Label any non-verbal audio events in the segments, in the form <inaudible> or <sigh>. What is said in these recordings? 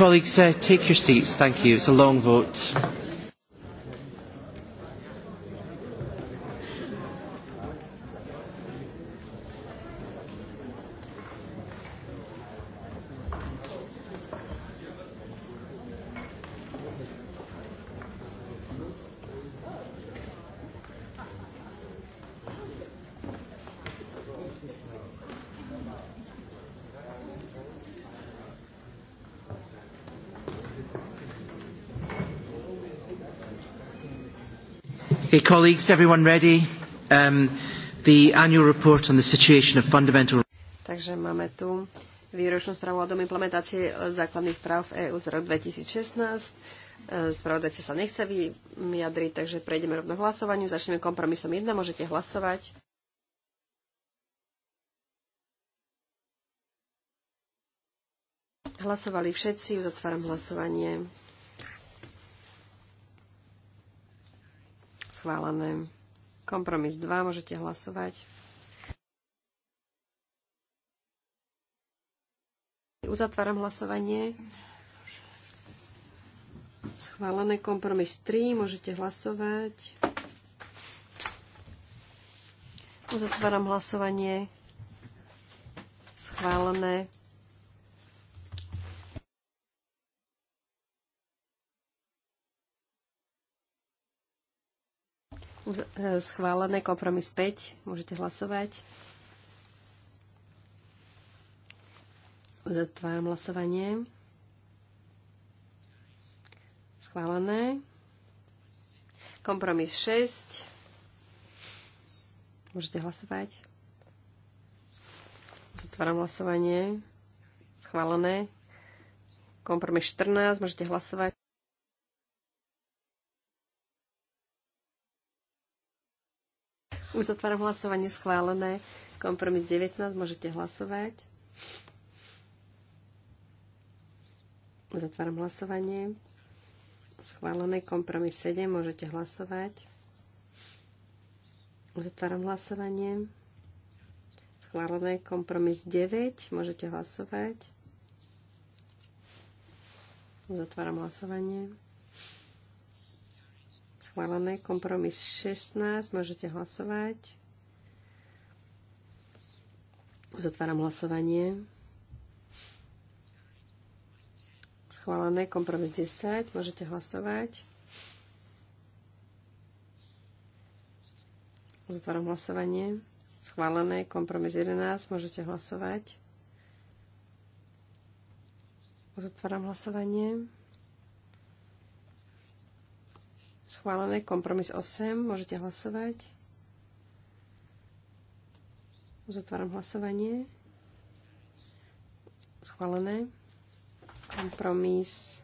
Colleagues, uh, take your seats. Thank you. It's a long vote. Colleagues, everyone ready? Um, the annual report on the situation of fundamental... Takže máme tu výročnú správu o dom implementácie eh, základných práv v EÚ z roku 2016. Spravodajca sa nechce vyjadriť, takže prejdeme rovno hlasovaniu. Začneme kompromisom 1, môžete hlasovať. Hlasovali všetci, uzatváram hlasovanie. schválené. Kompromis 2, môžete hlasovať. Uzatváram hlasovanie. Schválené kompromis 3, môžete hlasovať. Uzatváram hlasovanie. Schválené E, schválené. Kompromis 5. Môžete hlasovať. Zatváram hlasovanie. Schválené. Kompromis 6. Môžete hlasovať. Zatváram hlasovanie. Schválené. Kompromis 14. Môžete hlasovať. otváram hlasovanie schválené. Kompromis 19, môžete hlasovať. Uzatváram hlasovanie. Schválené kompromis 7, môžete hlasovať. Uzatváram hlasovanie. Schválené kompromis 9, môžete hlasovať. Uzatváram hlasovanie. Schválené. Kompromis 16. Môžete hlasovať. Uzatváram hlasovanie. Schválené. Kompromis 10. Môžete hlasovať. Uzatváram hlasovanie. Schválené. Kompromis 11. Môžete hlasovať. Uzatváram hlasovanie. Schválené. Kompromis 8. Môžete hlasovať. Uzatváram hlasovanie. Schválené. Kompromis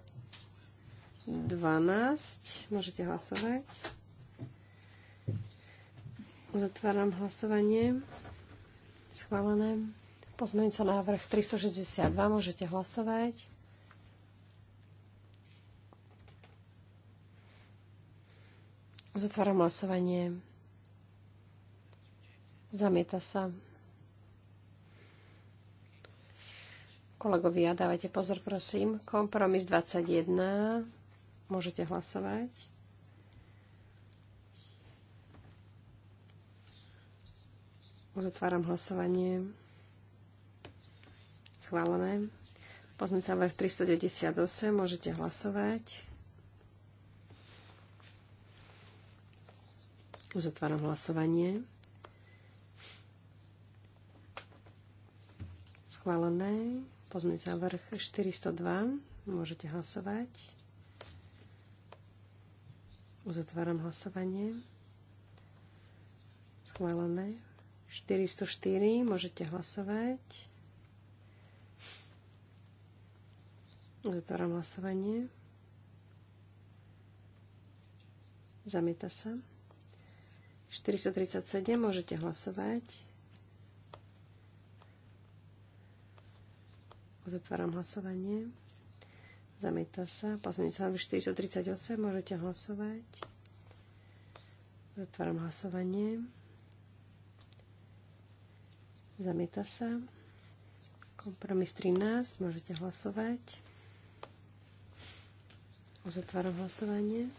12. Môžete hlasovať. Uzatváram hlasovanie. Schválené. Pozmeňujúco návrh 362. Môžete hlasovať. Zatváram hlasovanie. Zamieta sa. Kolegovia, dávajte pozor, prosím. Kompromis 21. Môžete hlasovať. Uzatváram hlasovanie. Schválené. Pozmeň sa v 398. Môžete hlasovať. zatváram hlasovanie. Schválené. Pozmeňujúci závrh. 402. Môžete hlasovať. Uzatváram hlasovanie. Schválené. 404. Môžete hlasovať. Uzatváram hlasovanie. Zamieta sa. 437 môžete hlasovať. Uzatváram hlasovanie. Zamieta sa. Pozmeňte sa 438 môžete hlasovať. Zatváram hlasovanie. Zamieta sa. Kompromis 13 môžete hlasovať. Uzatváram hlasovanie.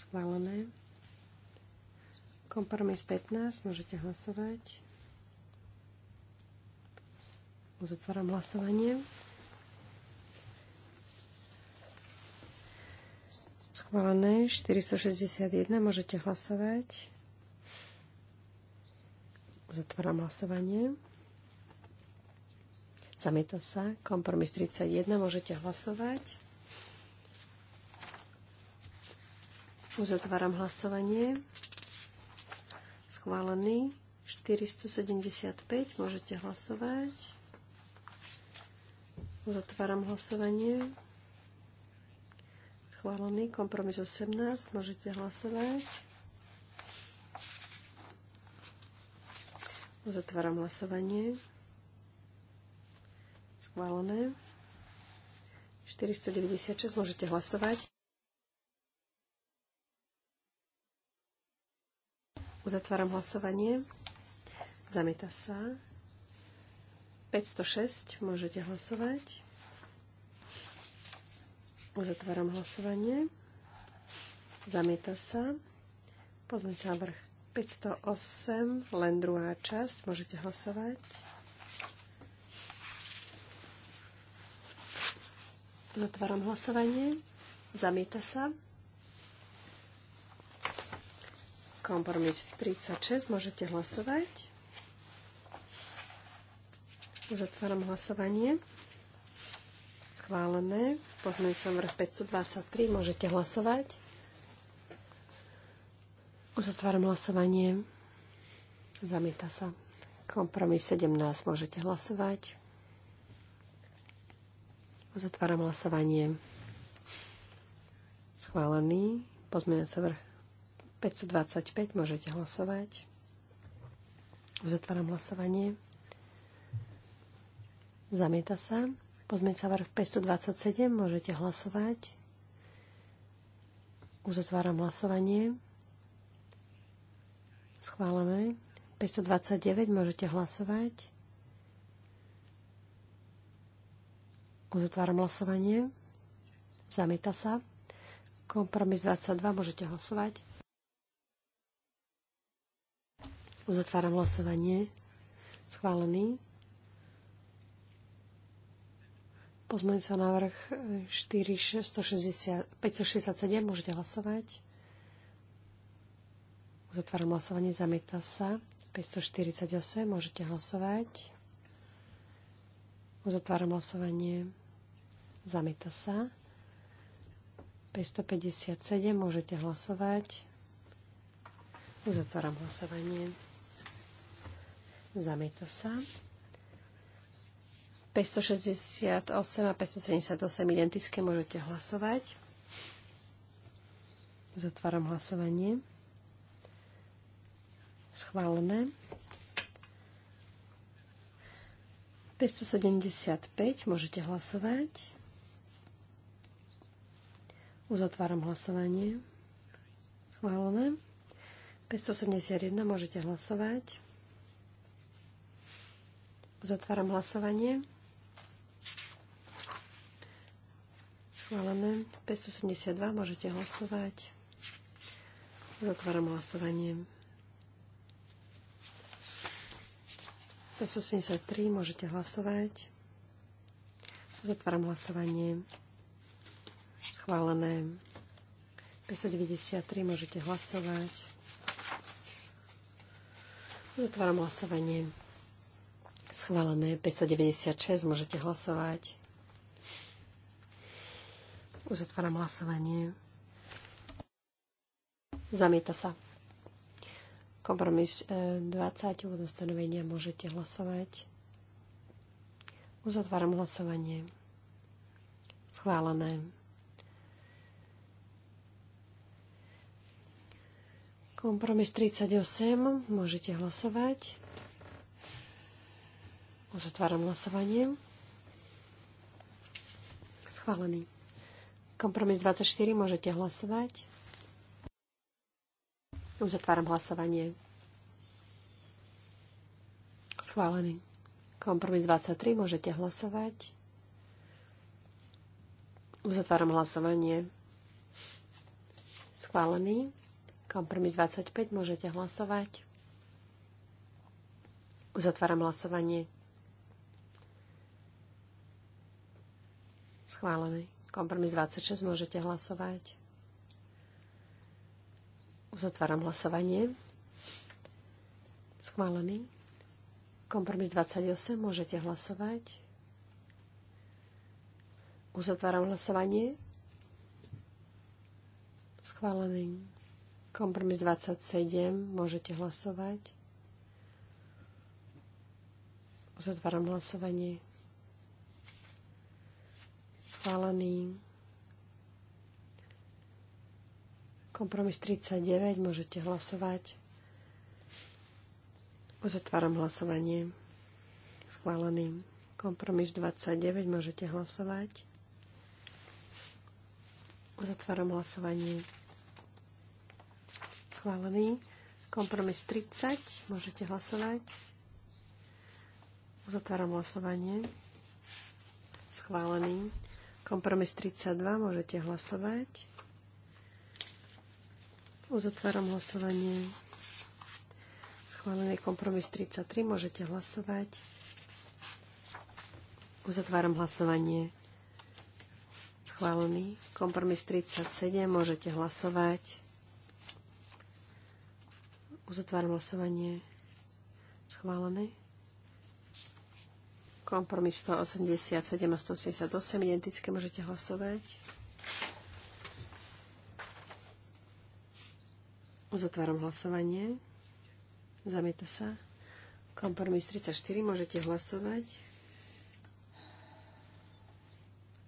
Schválené. Kompromis 15, môžete hlasovať. Uzatváram hlasovanie. Schválené 461, môžete hlasovať. Uzatváram hlasovanie. Zamieta sa. Kompromis 31, môžete hlasovať. Uzatváram hlasovanie schválený. 475, môžete hlasovať. Zatváram hlasovanie. Schválený. Kompromis 18, môžete hlasovať. Zatváram hlasovanie. Schválené. 496, môžete hlasovať. Uzatváram hlasovanie. Zamieta sa. 506. Môžete hlasovať. Uzatváram hlasovanie. Zamieta sa. Pozmeňte návrh 508, len druhá časť. Môžete hlasovať. Zatváram hlasovanie. Zamieta sa. Kompromis 36, môžete hlasovať. otváram hlasovanie. Schválené. som vrch 523, môžete hlasovať. otváram hlasovanie. Zamieta sa. Kompromis 17, môžete hlasovať. otváram hlasovanie. Schválený. Pozmeň sa vrch 525 môžete hlasovať. Uzatváram hlasovanie. Zamieta sa. Pozmeňte sa vrch 527, môžete hlasovať. Uzatváram hlasovanie. Schválame. 529, môžete hlasovať. Uzatváram hlasovanie. Zamieta sa. Kompromis 22, môžete hlasovať. Uzatváram hlasovanie. Schválený. Pozmeň sa návrh 4, 160, 567. Môžete hlasovať. Uzatváram hlasovanie. Zamieta sa. 548. Môžete hlasovať. Uzatváram hlasovanie. Zamieta sa. 557. Môžete hlasovať. Uzatváram hlasovanie. Zamieta sa. 568 a 578 identické. Môžete hlasovať. Zatváram hlasovanie. Schválené. 575. Môžete hlasovať. Uzatváram hlasovanie. Schválené. 571. Môžete hlasovať. Zatváram hlasovanie. Schválené. 572. Môžete hlasovať. Zatváram hlasovanie. 573. Môžete hlasovať. Zatváram hlasovanie. Schválené. 593. Môžete hlasovať. Zatváram hlasovanie. Schválené 596, môžete hlasovať. Už otváram hlasovanie. Zamieta sa. Kompromis 20, e, úvodné ustanovenia, môžete hlasovať. Uzatváram hlasovanie. Schválené. Kompromis 38, môžete hlasovať. Uzatváram hlasovanie. Schválený. Kompromis 24, môžete hlasovať. Uzatváram hlasovanie. Schválený. Kompromis 23, môžete hlasovať. Uzatváram hlasovanie. Schválený. Kompromis 25, môžete hlasovať. Uzatváram hlasovanie. Schválený. Kompromis 26 môžete hlasovať. Uzatváram hlasovanie. Schválený. Kompromis 28 môžete hlasovať. Uzatváram hlasovanie. Schválený. Kompromis 27 môžete hlasovať. Uzatváram hlasovanie schválený. Kompromis 39, môžete hlasovať. Uzatváram hlasovanie. Schválený. Kompromis 29, môžete hlasovať. Uzatváram hlasovanie. Schválený. Kompromis 30, môžete hlasovať. Uzatváram hlasovanie. Schválený. Kompromis 32, môžete hlasovať. Uzatváram hlasovanie. Schválený kompromis 33, môžete hlasovať. Uzatváram hlasovanie. Schválený. Kompromis 37, môžete hlasovať. Uzatváram hlasovanie. Schválený. Kompromis 187 a 188 identické, môžete hlasovať. Uzatváram hlasovanie. Zamieta sa. Kompromis 34, môžete hlasovať.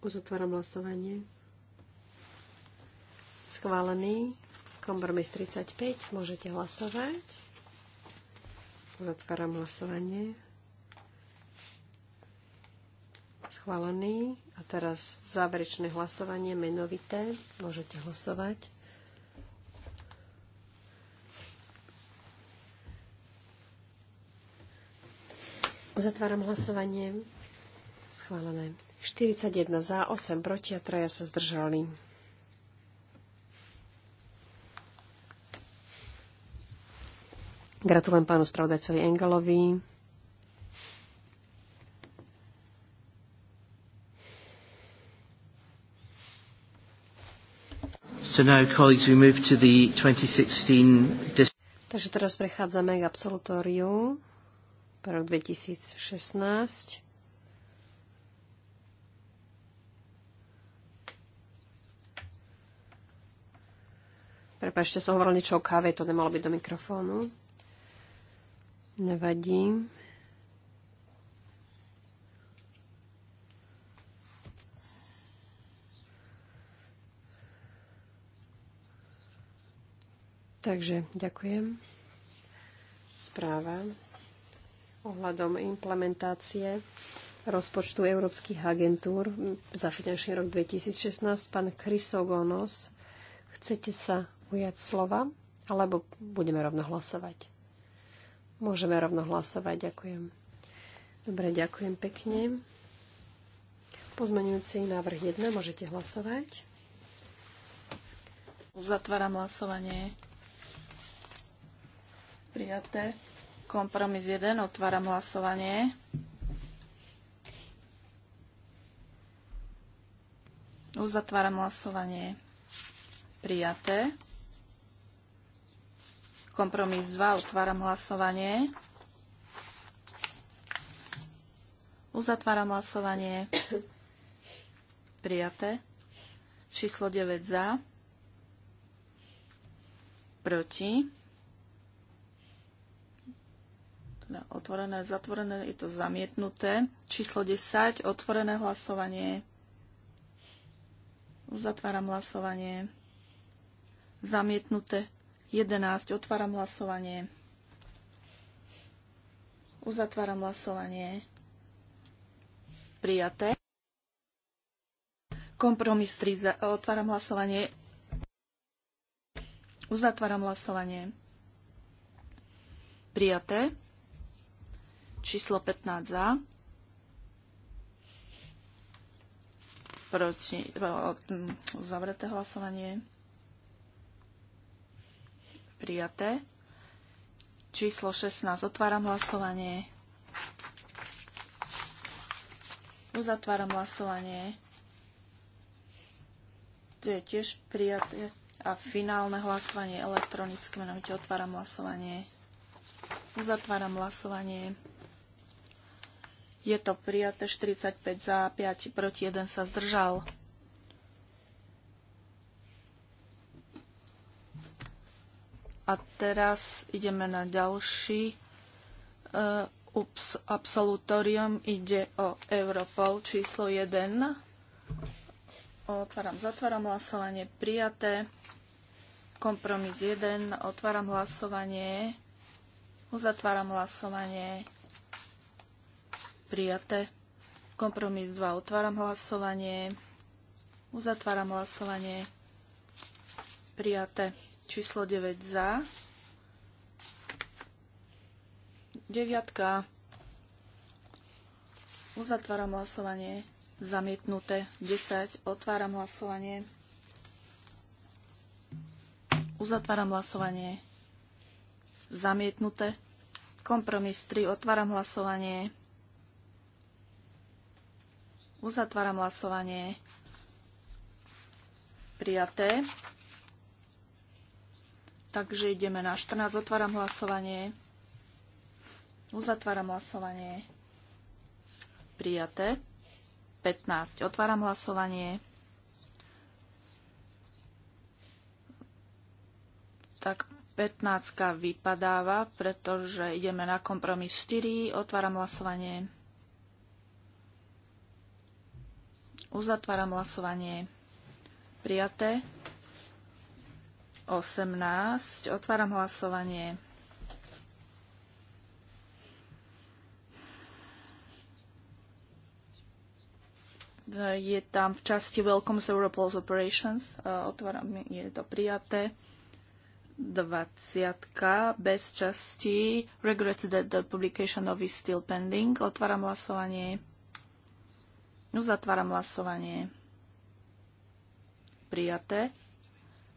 Uzatváram hlasovanie. Schválený. Kompromis 35. Môžete hlasovať. Zatváram hlasovanie. Schválený. A teraz záverečné hlasovanie, menovité. Môžete hlasovať. Uzatváram hlasovanie. Schválené. 41 za, 8 proti a traja sa zdržali. Gratulujem pánu spravodajcovi Engelovi. So now, colleagues, we move to the 2016... Takže teraz prechádzame k absolutóriu pre rok 2016. Prepašte, som hovoril niečo o káve, to nemalo byť do mikrofónu. Nevadí. Takže ďakujem. Správa ohľadom implementácie rozpočtu európskych agentúr za finančný rok 2016. Pán Krysogonos, chcete sa ujať slova? Alebo budeme rovno hlasovať? Môžeme rovno hlasovať, ďakujem. Dobre, ďakujem pekne. Pozmenujúci návrh 1, môžete hlasovať. Uzatváram hlasovanie. Prijaté. Kompromis 1. Otváram hlasovanie. Uzatváram hlasovanie. Prijaté. Kompromis 2. Otváram hlasovanie. Uzatváram hlasovanie. Prijaté. Číslo 9 za. Proti. otvorené, zatvorené, je to zamietnuté. Číslo 10, otvorené hlasovanie. Uzatváram hlasovanie. Zamietnuté. 11, otváram hlasovanie. Uzatváram hlasovanie. Prijaté. Kompromis 3, otváram hlasovanie. Uzatváram hlasovanie. Prijaté. Číslo 15 za. Proti. Mm, zavreté hlasovanie. Prijaté. Číslo 16. Otváram hlasovanie. Uzatváram hlasovanie. To je tiež prijaté. A finálne hlasovanie elektronické, menovite otváram hlasovanie. Uzatváram hlasovanie. Je to prijaté 45 za, 5 proti, 1 sa zdržal. A teraz ideme na ďalší. Uh, ups, absolutorium ide o Europol číslo 1. Otváram, zatváram hlasovanie. Prijaté. Kompromis 1. Otváram hlasovanie. Uzatváram hlasovanie prijaté. Kompromis 2. Otváram hlasovanie. Uzatváram hlasovanie. Prijaté. Číslo 9 za. Deviatka. Uzatváram hlasovanie. Zamietnuté. 10. Otváram hlasovanie. Uzatváram hlasovanie. Zamietnuté. Kompromis 3. Otváram hlasovanie. Uzatváram hlasovanie. Prijaté. Takže ideme na 14. Otváram hlasovanie. Uzatváram hlasovanie. Prijaté. 15. Otváram hlasovanie. Tak 15 vypadáva, pretože ideme na kompromis 4. Otváram hlasovanie. Uzatváram hlasovanie. Prijaté. 18. Otváram hlasovanie. Je tam v časti Welcome to Europol's Operations. E, otváram, je to prijaté. 20 bez časti. Regret that the publication of is still pending. Otváram hlasovanie. Uzatváram hlasovanie. Prijaté.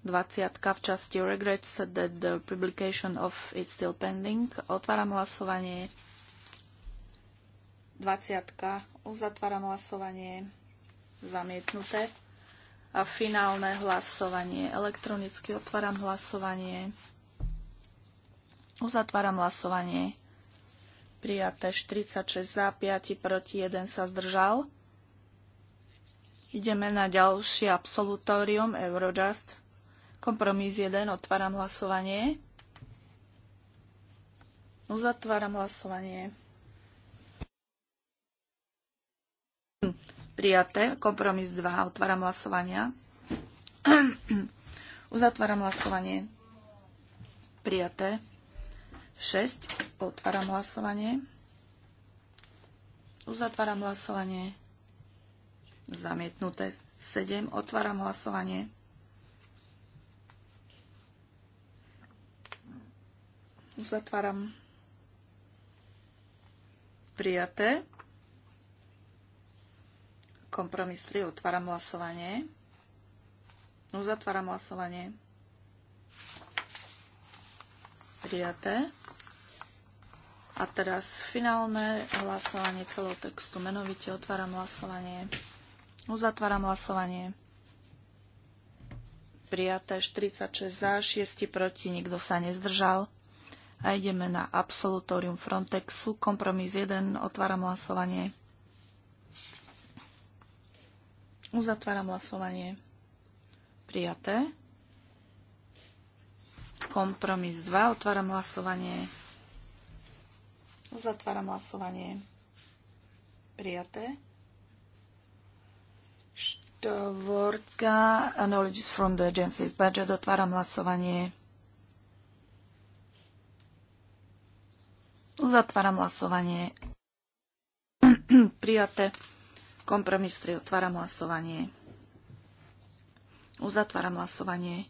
20. v časti Regrets that the publication of it still pending. Otváram hlasovanie. 20. Uzatváram hlasovanie. Zamietnuté. A finálne hlasovanie. Elektronicky otváram hlasovanie. Uzatváram hlasovanie. Prijaté 46 za, 5 proti, 1 sa zdržal. Ideme na ďalšie absolutórium Eurojust. Kompromis 1. Otváram hlasovanie. Uzatváram hlasovanie. Prijaté. Kompromis 2. Otváram hlasovania. <clears throat> Uzatváram hlasovanie. Prijaté. 6. Otváram hlasovanie. Uzatváram hlasovanie. Zamietnuté. 7. Otváram hlasovanie. Uzatváram. Prijaté. Kompromis 3. Otváram hlasovanie. Uzatváram hlasovanie. Prijaté. A teraz finálne hlasovanie celého textu. Menovite otváram hlasovanie. Uzatváram hlasovanie. Prijaté 46 za, 6 proti, nikto sa nezdržal. A ideme na absolutórium Frontexu. Kompromis 1, otváram hlasovanie. Uzatváram hlasovanie. Prijaté. Kompromis 2, otváram hlasovanie. Uzatváram hlasovanie. Prijaté štvorka, knowledge from the agency's budget, otváram hlasovanie. Uzatváram hlasovanie. <clears throat> Prijaté. Kompromis 3. Otváram hlasovanie. Uzatváram hlasovanie.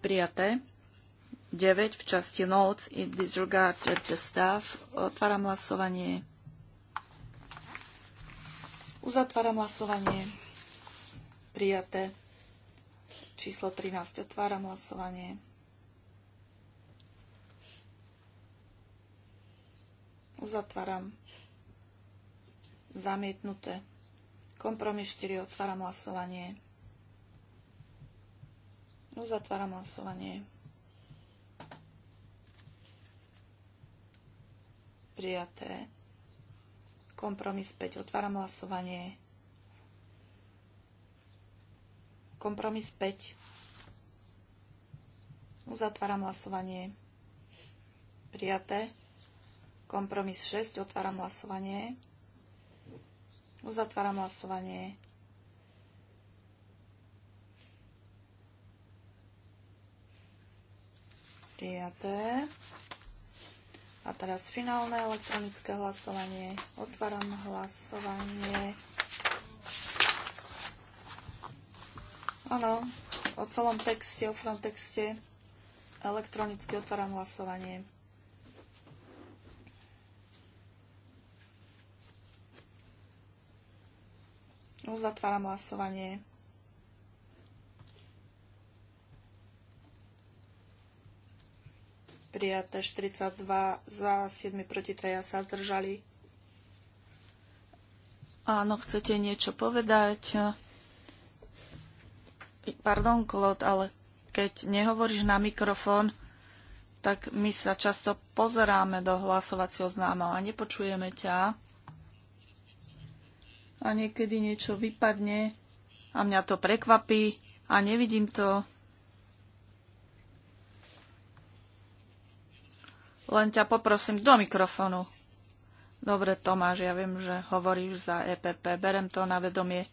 Prijaté. 9 v časti notes in disregarded the staff. Otváram hlasovanie. Uzatváram hlasovanie. Prijaté. Číslo 13. Otváram hlasovanie. Uzatváram. Zamietnuté. Kompromis 4. Otváram hlasovanie. Uzatváram hlasovanie. Prijaté. Kompromis 5. Otváram hlasovanie. Kompromis 5. Uzatváram hlasovanie. Prijaté. Kompromis 6. Otváram hlasovanie. Uzatváram hlasovanie. Prijaté. A teraz finálne elektronické hlasovanie. Otváram hlasovanie. Áno, o celom texte, o frontexte. Elektronicky otváram hlasovanie. Uzatváram hlasovanie. prijaté 42 za, 7 proti 3 sa zdržali. Áno, chcete niečo povedať? Pardon, Klod, ale keď nehovoríš na mikrofón, tak my sa často pozeráme do hlasovacieho známa a nepočujeme ťa. A niekedy niečo vypadne a mňa to prekvapí a nevidím to. Len ťa poprosím do mikrofonu. Dobre, Tomáš, ja viem, že hovoríš za EPP. Berem to na vedomie.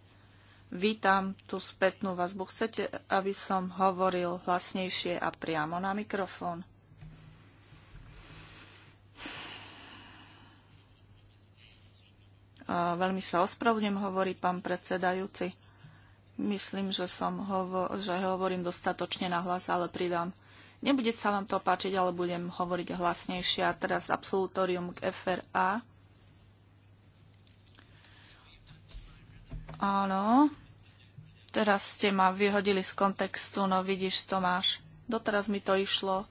Vítam tú spätnú vazbu. Chcete, aby som hovoril hlasnejšie a priamo na mikrofón? A veľmi sa ospravedlňujem, hovorí pán predsedajúci. Myslím, že, som hovo- že hovorím dostatočne nahlas, ale pridám Nebude sa vám to páčiť, ale budem hovoriť hlasnejšie. A teraz absolutórium k FRA. Áno. Teraz ste ma vyhodili z kontextu, no vidíš, Tomáš. Doteraz mi to išlo.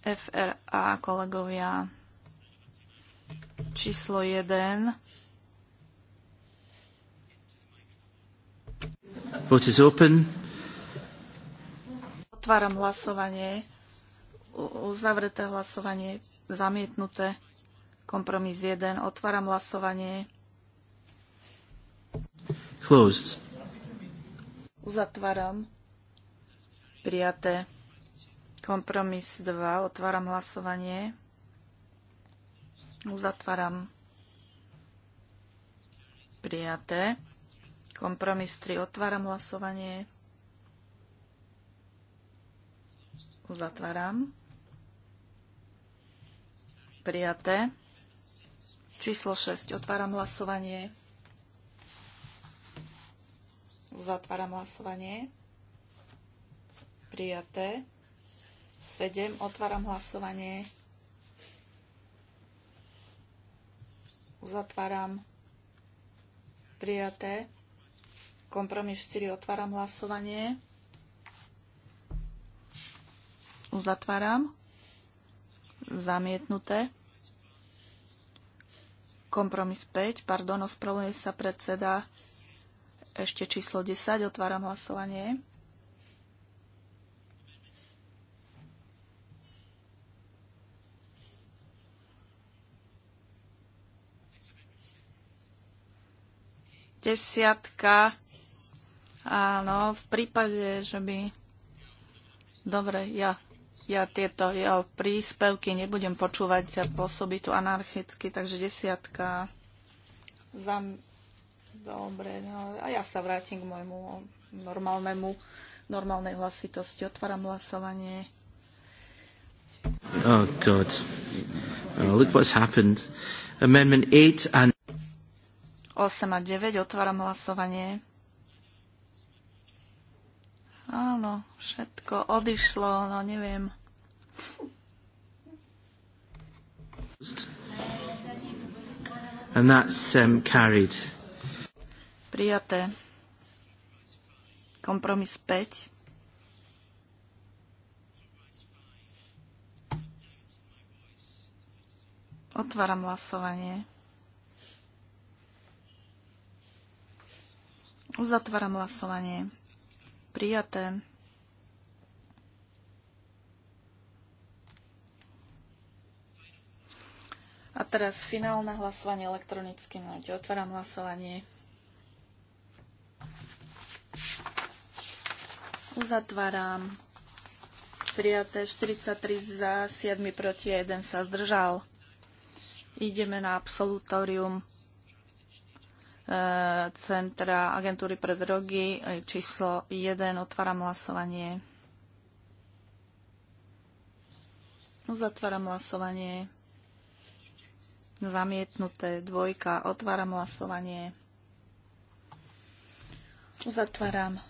FRA, kolegovia. Číslo 1. Vote is open. Otváram hlasovanie. Uzavreté hlasovanie. Zamietnuté. Kompromis 1. Otváram hlasovanie. Closed. Uzatváram. Prijaté. Kompromis 2. Otváram hlasovanie. Uzatváram. Prijaté. Kompromis 3. Otváram hlasovanie. Uzatváram. Prijaté. Číslo 6. Otváram hlasovanie. Uzatváram hlasovanie. Prijaté. 7. Otváram hlasovanie. Uzatváram. Prijaté. Kompromis 4. Otváram hlasovanie. Uzatváram. Zamietnuté. Kompromis 5, pardon, ospravuje sa predseda ešte číslo 10, otváram hlasovanie. Desiatka. Áno, v prípade, že by... Dobre, ja ja tieto jeho príspevky nebudem počúvať a pôsobí tu anarchicky, takže desiatka za... Dobre, no, a ja sa vrátim k môjmu normálnemu, normálnej hlasitosti. Otváram hlasovanie. Oh God. Oh, look what's happened. Amendment 8 and... 8 a 9, otváram hlasovanie. Áno, všetko odišlo, no neviem. And that's um, carried. Prijaté. Kompromis 5. Otváram hlasovanie. Uzatváram hlasovanie. Prijaté. A teraz finálne hlasovanie elektronicky. Note. Otváram hlasovanie. Uzatváram. Prijaté 43 za, 7 proti 1 sa zdržal. Ideme na absolutórium e, Centra agentúry pre drogy e, číslo 1. Otváram hlasovanie. Uzatváram hlasovanie. Zamietnuté. Dvojka. Otváram hlasovanie. Uzatváram.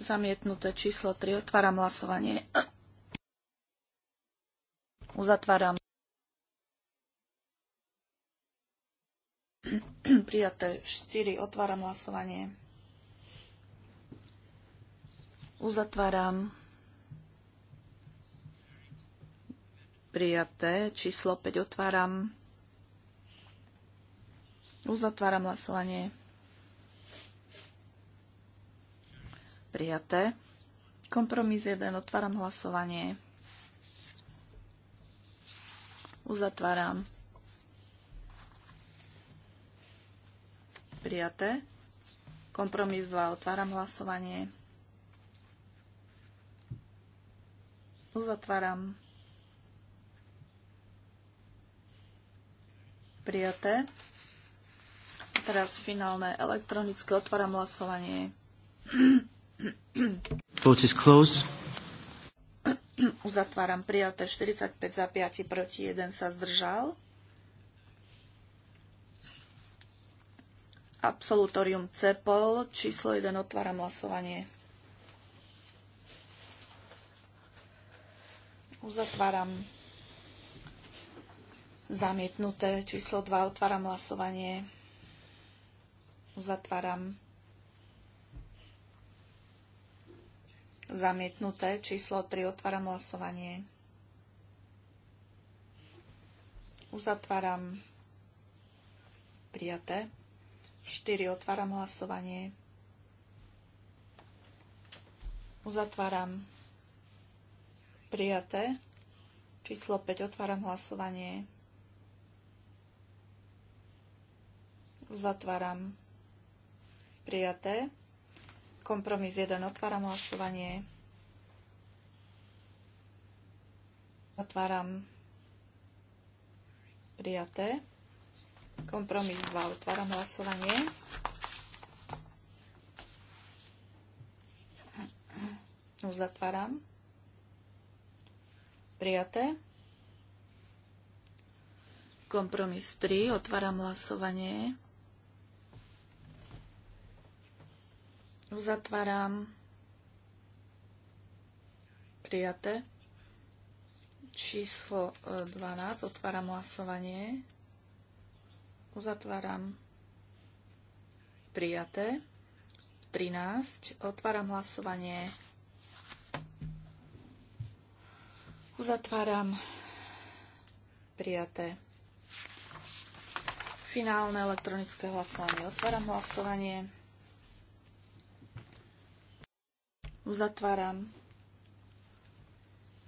Zamietnuté číslo 3. Otváram hlasovanie. Uzatváram. Prijaté 4. Otváram hlasovanie. Uzatváram. prijaté. Číslo 5 otváram. Uzatváram hlasovanie. Prijaté. Kompromis 1. Otváram hlasovanie. Uzatváram. Prijaté. Kompromis 2. Otváram hlasovanie. Uzatváram. prijaté. A teraz finálne elektronické. Otváram hlasovanie. Vote is closed. Uzatváram prijaté 45 za 5 proti 1 sa zdržal. Absolutorium CEPOL číslo 1 otváram hlasovanie. Uzatváram Zamietnuté číslo 2. Otváram hlasovanie. Uzatváram. Zamietnuté číslo 3. Otváram hlasovanie. Uzatváram. Prijaté. 4. Otváram hlasovanie. Uzatváram. Prijaté. Číslo 5. Otváram hlasovanie. Uzatváram. Prijaté. Kompromis 1. Otváram hlasovanie. Otváram. Prijaté. Kompromis 2. Otváram hlasovanie. Uzatváram. No, Prijaté. Kompromis 3. Otváram hlasovanie. Uzatváram. Prijaté. Číslo 12. E, Otváram hlasovanie. Uzatváram. Prijaté. 13. Otváram hlasovanie. Uzatváram. Prijaté. Finálne elektronické hlasovanie. Otváram hlasovanie. Uzatváram.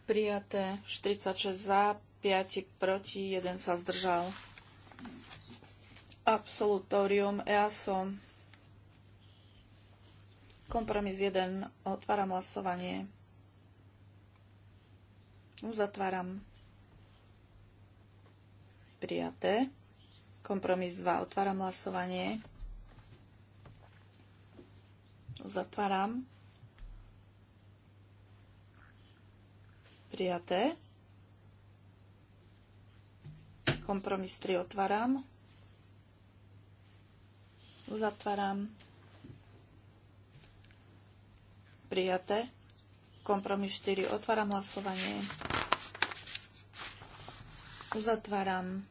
Prijaté 46 za, 5 proti, 1 sa zdržal. Absolutorium EASO. Kompromis 1. Otváram hlasovanie. Uzatváram. Prijaté. Kompromis 2. Otváram hlasovanie. Uzatváram prijaté. Kompromis 3 otváram. Uzatváram. Prijaté. Kompromis 4 otváram hlasovanie. Uzatváram.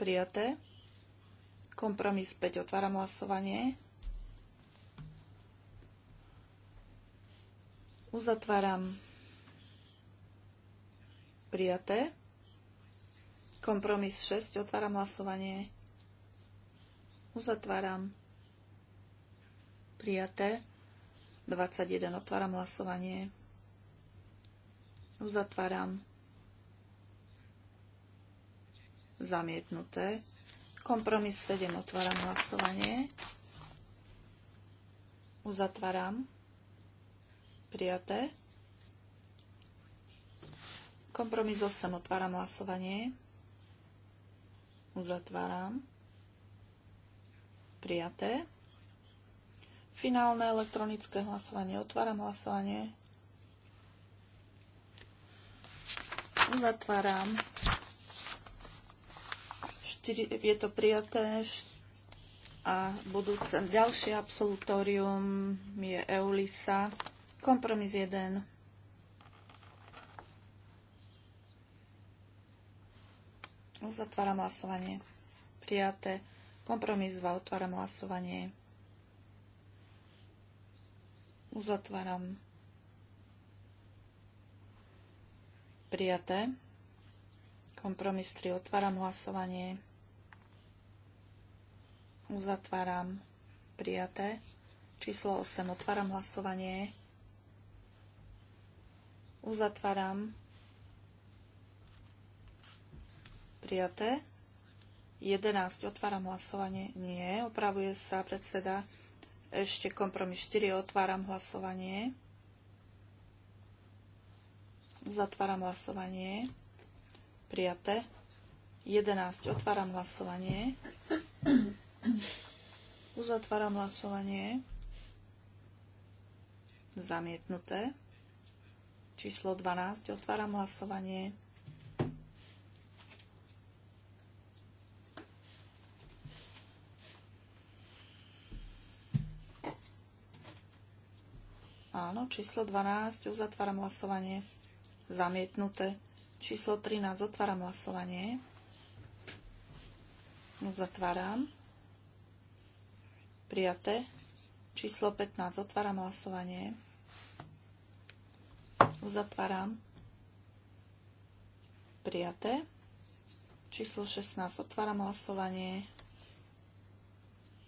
Prijaté. Kompromis 5 otváram hlasovanie. Uzatváram. Prijaté. Kompromis 6. Otváram hlasovanie. Uzatváram. Prijaté. 21. Otváram hlasovanie. Uzatváram. Zamietnuté. Kompromis 7. Otváram hlasovanie. Uzatváram. Prijaté. Kompromis 8. Otváram hlasovanie. Uzatváram. Prijaté. Finálne elektronické hlasovanie. Otváram hlasovanie. Uzatváram. Štyri, je to prijaté a budúce ďalšie absolutórium je EULISA. Kompromis 1. Uzatváram hlasovanie. Prijaté. Kompromis 2. Otváram hlasovanie. Uzatváram. Prijaté. Kompromis 3. Otváram hlasovanie. Uzatváram. Prijaté. Číslo 8. Otváram hlasovanie. Uzatváram. Prijaté. 11. Otváram hlasovanie. Nie. Opravuje sa predseda. Ešte kompromis 4. Otváram hlasovanie. Zatváram hlasovanie. Prijaté. 11. Otváram hlasovanie. Uzatváram hlasovanie. Zamietnuté číslo 12. Otváram hlasovanie. Áno, číslo 12, uzatváram hlasovanie. Zamietnuté. Číslo 13, otváram hlasovanie. Uzatváram. Prijaté. Číslo 15, otváram hlasovanie. Uzatváram. Prijaté. Číslo 16. Otváram hlasovanie.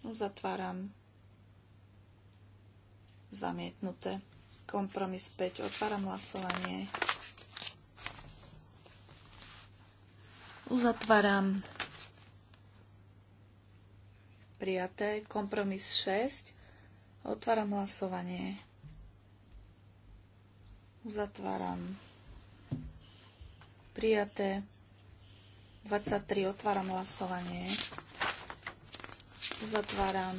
Uzatváram. Zamietnuté. Kompromis 5. Otváram hlasovanie. Uzatváram. Prijaté. Kompromis 6. Otváram hlasovanie. Uzatváram. Prijaté. 23. Otváram hlasovanie. Uzatváram.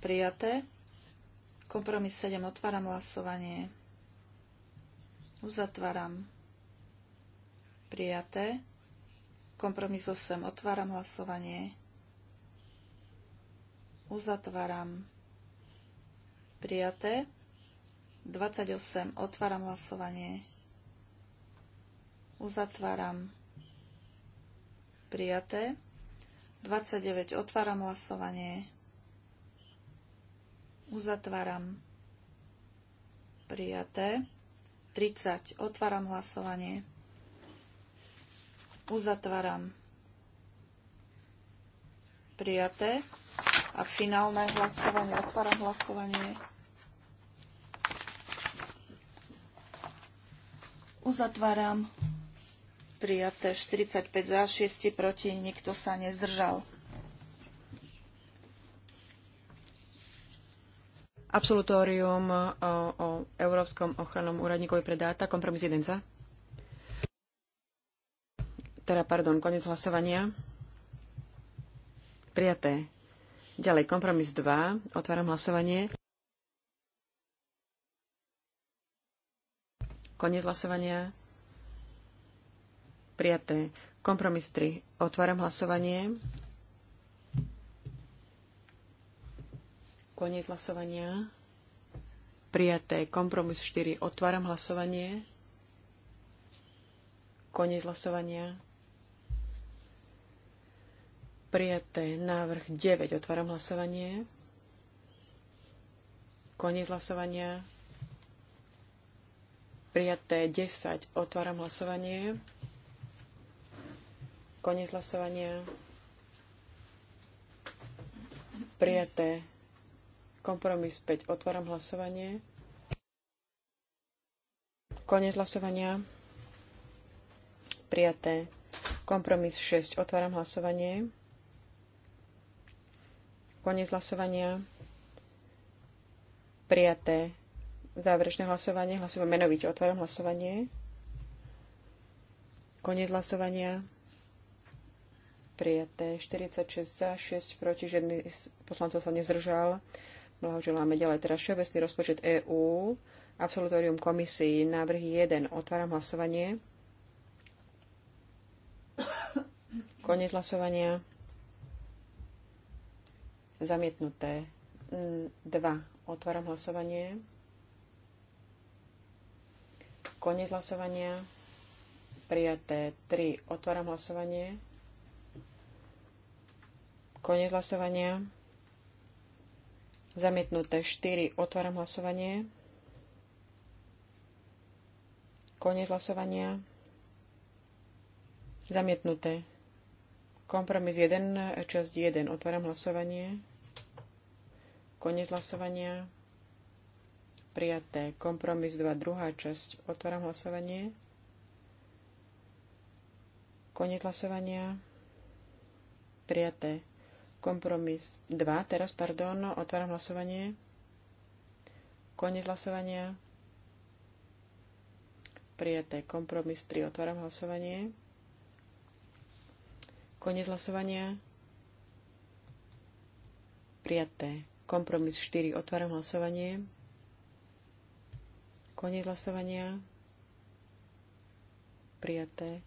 Prijaté. Kompromis 7. Otváram hlasovanie. Uzatváram. Prijaté. Kompromis 8. Otváram hlasovanie. Uzatváram. Prijaté. 28. Otváram hlasovanie. Uzatváram. Prijaté. 29. Otváram hlasovanie. Uzatváram. Prijaté. 30. Otváram hlasovanie. Uzatváram. Prijaté. A finálne hlasovanie. Otváram hlasovanie. Uzatváram. Prijaté 45 za, 6 proti, nikto sa nezdržal. Absolutórium o, o Európskom ochrannom úradníkovi pre dáta, kompromis 1 za. Teda, pardon, koniec hlasovania. Prijaté. Ďalej, kompromis 2. Otváram hlasovanie. Koniec hlasovania. Prijaté. Kompromis 3. Otváram hlasovanie. Koniec hlasovania. Prijaté. Kompromis 4. Otváram hlasovanie. Koniec hlasovania. Prijaté. Návrh 9. Otváram hlasovanie. Koniec hlasovania. Prijaté 10. Otváram hlasovanie. Koniec hlasovania. Prijaté. Kompromis 5. Otváram hlasovanie. Koniec hlasovania. Prijaté. Kompromis 6. Otváram hlasovanie. Koniec hlasovania. Prijaté. Záverečné hlasovanie. Hlasujeme menovite. Otváram hlasovanie. Koniec hlasovania. Prijaté 46 za, 6 proti, žiadny poslancov sa nezdržal. Blahoželáme ďalej. Teraz všeobecný rozpočet EÚ, absolutórium komisii, návrh 1. Otváram hlasovanie. Koniec hlasovania. Zamietnuté. 2. Otváram hlasovanie. Koniec hlasovania. Prijaté 3. Otváram hlasovanie. Koniec hlasovania. Zamietnuté 4. Otváram hlasovanie. Koniec hlasovania. Zamietnuté. Kompromis 1, časť 1. Otváram hlasovanie. Koniec hlasovania prijaté. Kompromis 2, druhá časť. Otváram hlasovanie. Koniec hlasovania. Prijaté. Kompromis 2, teraz, pardon, otváram hlasovanie. Koniec hlasovania. Prijaté. Kompromis 3, otváram hlasovanie. Koniec hlasovania. Prijaté. Kompromis 4. Otváram hlasovanie. Koniec hlasovania. Prijaté.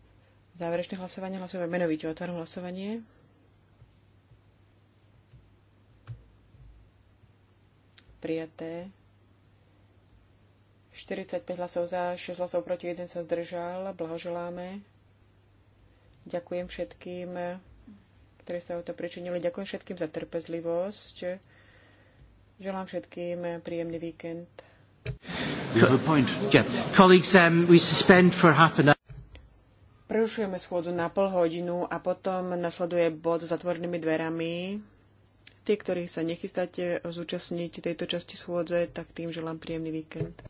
Záverečné hlasovanie. Hlasujeme menovite. Otváram hlasovanie. Prijaté. 45 hlasov za, 6 hlasov proti, 1 sa zdržal. Blahoželáme. Ďakujem všetkým, ktorí sa o to pričinili. Ďakujem všetkým za trpezlivosť. Želám všetkým príjemný víkend. Um, Prerušujeme schôdzu na pol hodinu a potom nasleduje bod s zatvorenými dverami. Tí, ktorí sa nechystáte zúčastniť tejto časti schôdze, tak tým želám príjemný víkend.